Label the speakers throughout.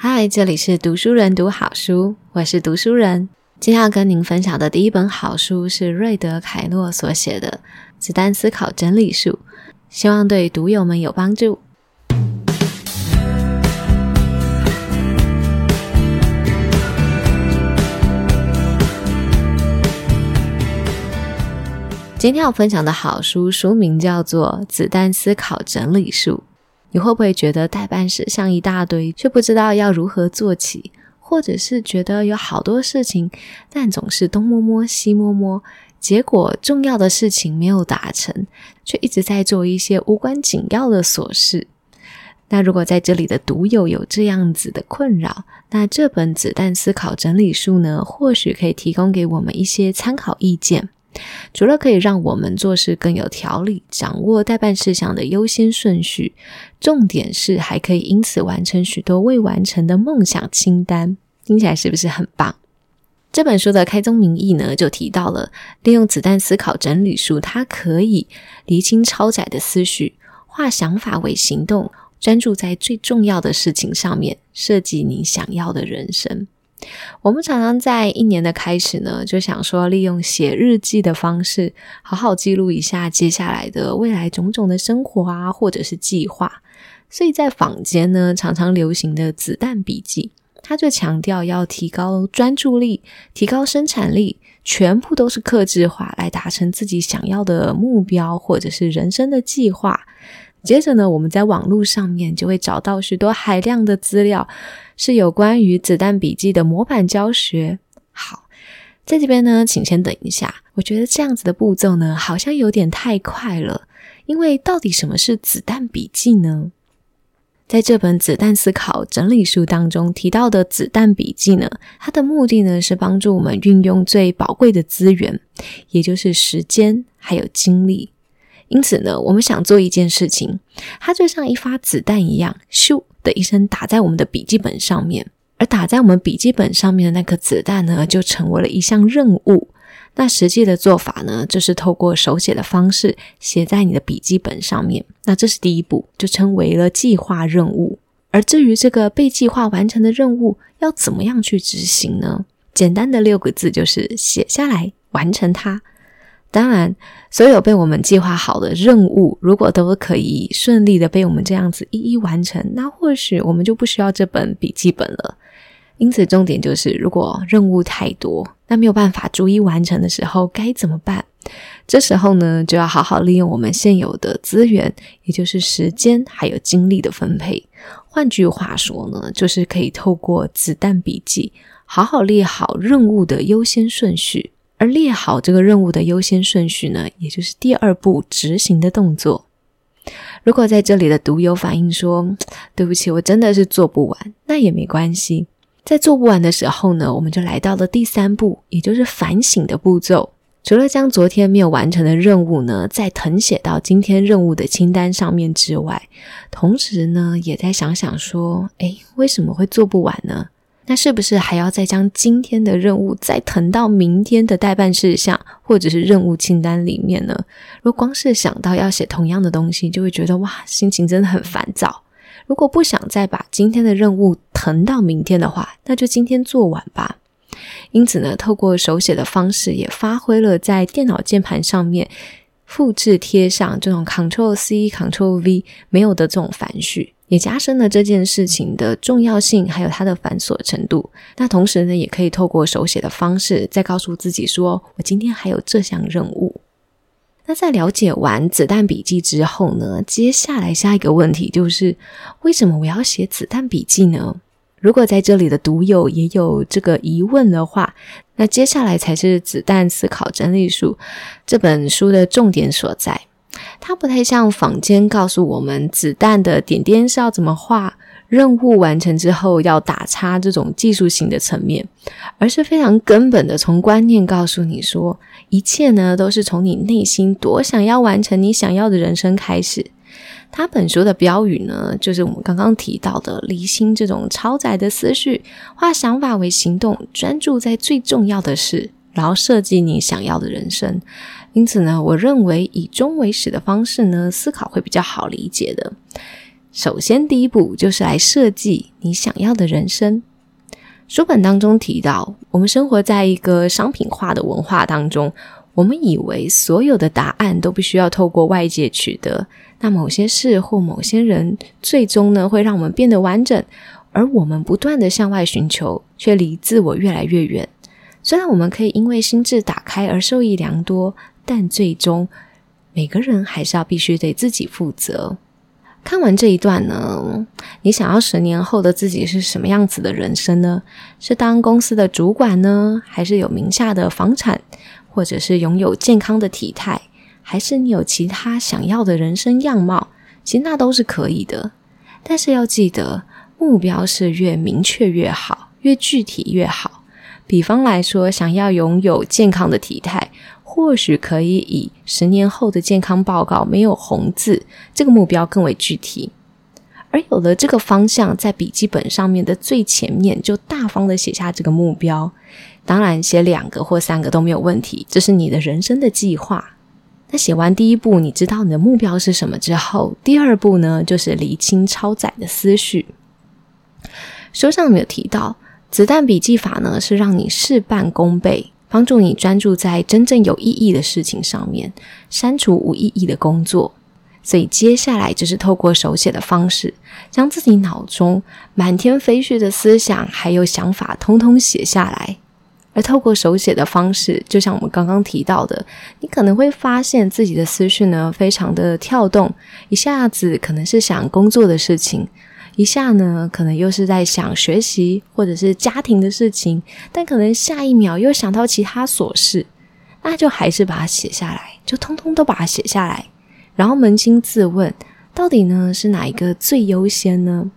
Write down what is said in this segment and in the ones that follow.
Speaker 1: 嗨，Hi, 這裡是讀書人讀好書，我是讀書人。今天要跟您分享的第一本好書是瑞德·卡洛所寫的《子彈思考整理術》，希望對讀友們有幫助。今天要分享的好書書名叫做《子彈思考整理術》。你會不會覺得待辦事項一大堆，卻不知道要如何做起？或者是覺得有好多事情，但總是東摸摸西摸摸，結果重要的事情沒有達成，卻一直在做一些無關緊要的瑣事？那如果在這裡的讀友有這樣子的困擾，那這本《子彈思考整理術》呢，或許可以提供給我們一些參考意見。除了可以讓我們做事更有條理，掌握待辦事項的優先順序，重點是還可以因此完成許多未完成的夢想清單。聽起來是不是很棒？這本書的開宗明義呢，就提到了利用子彈思考整理術，它可以釐清超載的思緒，化想法為行動，專注在最重要的事情上面，設計你想要的人生。我們常常在一年的開始呢，就想說利用寫日記的方式，好好記錄一下接下來的未來種種的生活啊，或者是計劃。所以在坊間呢，常常流行的子彈筆記，它就強調要提高專注力、提高生產力，全部都是客製化來達成自己想要的目標，或者是人生的計劃。接着呢，我們在網絡上面就會找到許多海量的資料，是有關於子彈筆記的模板教學。好，在這邊呢，請先等一下，我覺得這樣子的步驟呢，好像有點太快了。因為到底什麼是子彈筆記呢？在這本《子彈思考整理術》當中提到的子彈筆記呢，它的目的呢，是幫助我們運用最寶貴的資源，也就是時間還有精力。因此呢，我們想做一件事情，它就像一發子彈一樣，咻的一聲打在我們的筆記本上面。而打在我們筆記本上面的那顆子彈呢，就成為了一項任務。那實際的做法呢，就是透過手寫的方式寫在你的筆記本上面。那這是第一步，就稱為了計劃任務。而至於這個被計劃完成的任務要怎麼樣去執行呢？簡單的六個字就是寫下來，完成它。當然，所有被我們計劃好的任務，如果都可以順利的被我們這樣子一一完成，那或許我們就不需要這本筆記本了。因此，重點就是，如果任務太多，那沒有辦法逐一完成的時候該怎麼辦？這時候呢，就要好好利用我們現有的資源，也就是時間還有精力的分配。換句話說呢，就是可以透過子彈筆記，好好列好任務的優先順序。而列好這個任務的優先順序呢，也就是第二步執行的動作。如果在這裡的讀友反映說：“對不起，我真的是做不完”，那也沒關係。在做不完的時候呢，我們就來到了第三步，也就是反省的步驟。除了將昨天沒有完成的任務呢，再謄寫到今天任務的清單上面之外，同時呢，也在想想說：“誒，為什麼會做不完呢？”那是不是還要再將今天的任務再騰到明天的待辦事項或者是任務清單裡面呢？如果光是想到要寫同樣的東西，就會覺得，哇，心情真的很煩躁。如果不想再把今天的任務騰到明天的話，那就今天做完吧。因此呢，透過手寫的方式，也發揮了在電腦鍵盤上面複製貼上這種 Control C Control V 沒有的這種繁序。也加深了這件事情的重要性，還有它的繁瑣程度。那同時呢，也可以透過手寫的方式，再告訴自己說：“我今天還有這項任務。”那在了解完子彈筆記之後呢，接下來下一個問題就是：為什麼我要寫子彈筆記呢？如果在這裡的讀友也有這個疑問的話，那接下來才是《子彈思考整理術》這本書的重點所在。它不太像坊間告訴我們子彈的點點是要怎麼畫，任務完成之後要打叉這種技術性的層面，而是非常根本的從觀念告訴你說，一切呢都是從你內心多想要完成你想要的人生開始。他本書的標語呢，就是我們剛剛提到的“釐清”這種超載的思緒，化想法為行動，專注在最重要的事，然後設計你想要的人生。因此呢，我認為以終為始的方式呢，思考會比較好理解的。首先，第一步就是來設計你想要的人生。書本當中提到，我們生活在一個商品化的文化當中，我們以為所有的答案都必須要透過外界取得。那某些事或某些人，最終呢，會讓我們變得完整，而我們不斷地向外尋求，却離自我越來越遠。雖然我們可以因為心智打開而受益良多。但最終，每個人還是要必須對自己負責。看完這一段呢，你想要十年後的自己是什麼樣子的人生呢？是當公司的主管呢，還是有名下的房產，或者是擁有健康的體態，還是你有其他想要的人生樣貌？其實那都是可以的，但是要記得，目標是越明確越好，越具體越好。比方來說，想要擁有健康的體態。或許可以以十年後的健康報告沒有紅字這個目標更為具體，而有了這個方向，在筆記本上面的最前面就大方的寫下這個目標。當然，寫兩個或三個都沒有問題，這是你的人生的計劃。那寫完第一步，你知道你的目標是什麼之後，第二步呢，就是釐清超載的思緒。書上有沒有提到子彈筆記法呢，是讓你事半功倍。幫助你專注在真正有意義的事情上面，刪除無意義的工作。所以接下來就是透過手寫的方式，將自己腦中滿天飛絮的思想還有想法通通寫下來。而透過手寫的方式，就像我們剛剛提到的，你可能會發現自己的思緒呢，非常的跳動，一下子可能是想工作的事情。一下呢，可能又是在想學習或者是家庭的事情，但可能下一秒又想到其他瑣事，那就還是把它寫下來，就通通都把它寫下來，然後捫心自問，到底呢是哪一個最優先呢？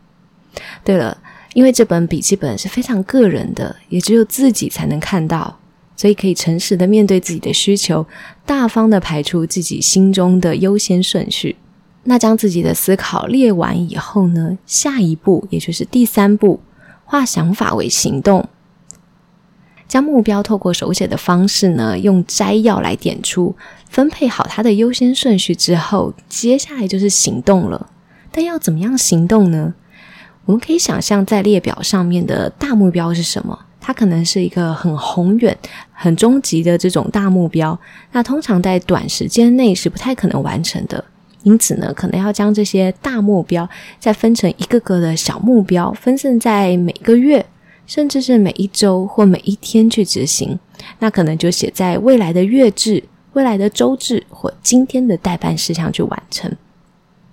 Speaker 1: 對了，因為這本筆記本是非常個人的，也只有自己才能看到，所以可以誠實的面對自己的需求，大方的排出自己心中的優先順序。那將自己的思考列完以後呢，下一步也就是第三步，化想法為行動。將目標透過手寫的方式呢，用摘要來點出，分配好它的優先順序之後，接下來就是行動了。但要怎麼樣行動呢？我們可以想象在列表上面的大目標是什麼？它可能是一個很宏遠、很終極的這種大目標，那通常在短時間內是不太可能完成的。因此呢，可能要將這些大目標再分成一個個的小目標，分散在每個月，甚至是每一周或每一天去執行。那可能就寫在未來的月誌，未來的週誌或今天的待辦事項去完成。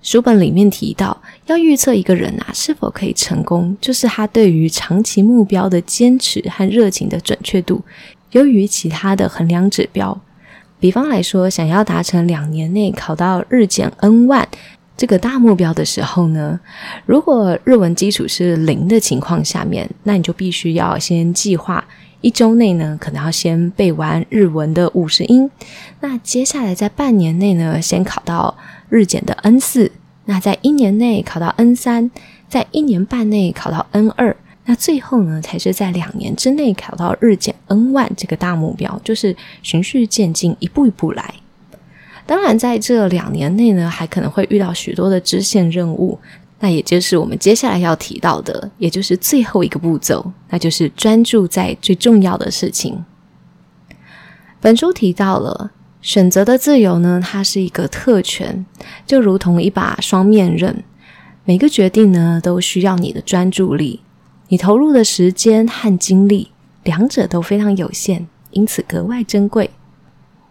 Speaker 1: 書本裡面提到，要預測一個人啊是否可以成功，就是他對於長期目標的堅持和熱情的準確度，由於其他的衡量指標。比方來說，想要達成兩年內考到日檢 N 一這個大目標的時候呢，如果日文基礎是零的情況下面，那你就必須要先計劃一週內呢，可能要先背完日文的五十音。那接下來在半年內呢，先考到日檢的 N 四。那在一年內考到 N 三，在一年半內考到 N 二。那最後呢，才是在兩年之內考到日檢 N1 這個大目標。就是循序漸進，一步一步來。當然，在這兩年內呢，還可能會遇到許多的支線任務。那也就是我們接下來要提到的，也就是最後一個步驟，那就是專注在最重要的事情。本書提到了選擇的自由呢，它是一個特權，就如同一把雙面刃，每個決定呢都需要你的專注力。你投入的時間和精力，兩者都非常有限，因此格外珍貴。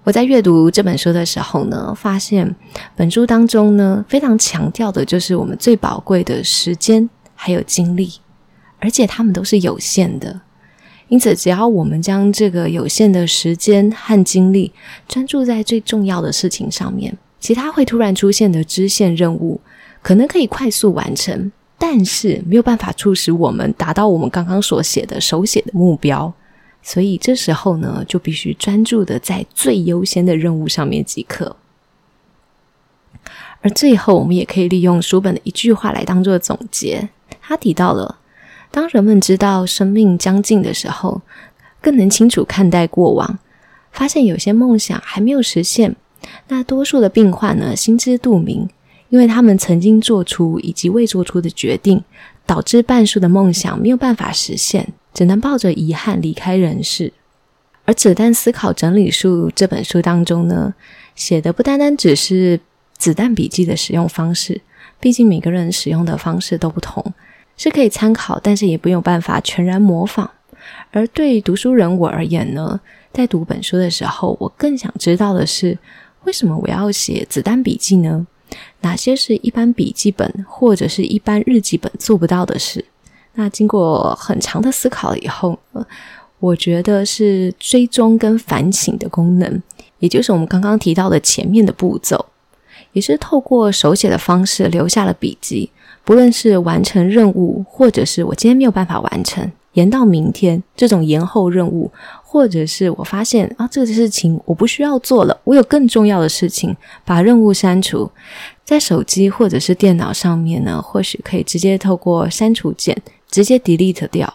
Speaker 1: 我在閱讀這本書的時候呢，發現本書當中呢，非常強調的就是我們最寶貴的時間還有精力，而且他們都是有限的。因此，只要我們將這個有限的時間和精力專注在最重要的事情上面，其他會突然出現的支線任務，可能可以快速完成。但是沒有辦法促使我們達到我們剛剛所寫的手寫的目標，所以這時候呢，就必須專注的在最優先的任務上面即可。而最後，我們也可以利用書本的一句話來當做總結，他提到了：當人們知道生命將近的時候，更能清楚看待過往，發現有些夢想還沒有實現。那多數的病患呢，心知肚明。因為他們曾經做出以及未做出的決定，導致半數的夢想沒有辦法實現，只能抱着遺憾離開人世。而《子彈思考整理術》這本書當中呢，寫的不單單只是子彈筆記的使用方式，畢竟每個人使用的方式都不同，是可以參考，但是也沒有辦法全然模仿。而對讀書人我而言呢，在讀本書的時候，我更想知道的是，為什麼我要寫子彈筆記呢？哪些是一般筆記本或者是一般日記本做不到的事？那經過很長的思考以後，我覺得是追蹤跟反省的功能，也就是我們剛剛提到的前面的步驟，也是透過手寫的方式留下了筆記。不論是完成任務，或者是我今天沒有辦法完成，延到明天這種延後任務。或者是我發現啊，這個事情我不需要做了，我有更重要的事情，把任務刪除，在手機或者是電腦上面呢，或許可以直接透過刪除鍵直接 delete 掉，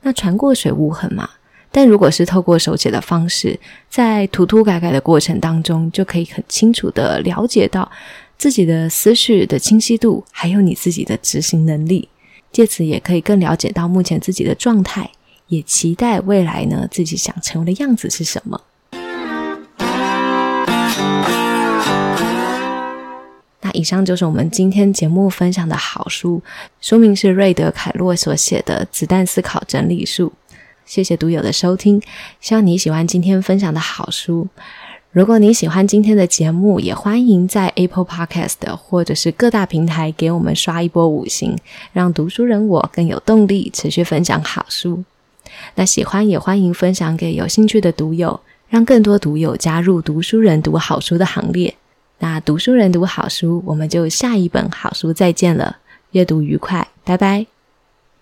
Speaker 1: 那船過水無痕嘛。但如果是透過手寫的方式，在塗塗改改的過程當中，就可以很清楚地了解到自己的思緒的清晰度，還有你自己的執行能力，借此也可以更了解到目前自己的狀態。也期待未來呢，自己想成為的樣子是什麼？那以上就是我們今天節目分享的好書，書名是瑞德·卡洛所寫的《子彈思考整理術》。謝謝讀友的收聽，希望你喜歡今天分享的好書。如果你喜歡今天的節目，也歡迎在 Apple Podcast 或者是各大平台給我們刷一波五星，讓讀書人我更有動力持續分享好書。那喜歡也歡迎分享給有興趣的讀友，讓更多讀友加入讀書人讀好書的行列。那讀書人讀好書，我們就下一本好書再見了。閱讀愉快，拜拜。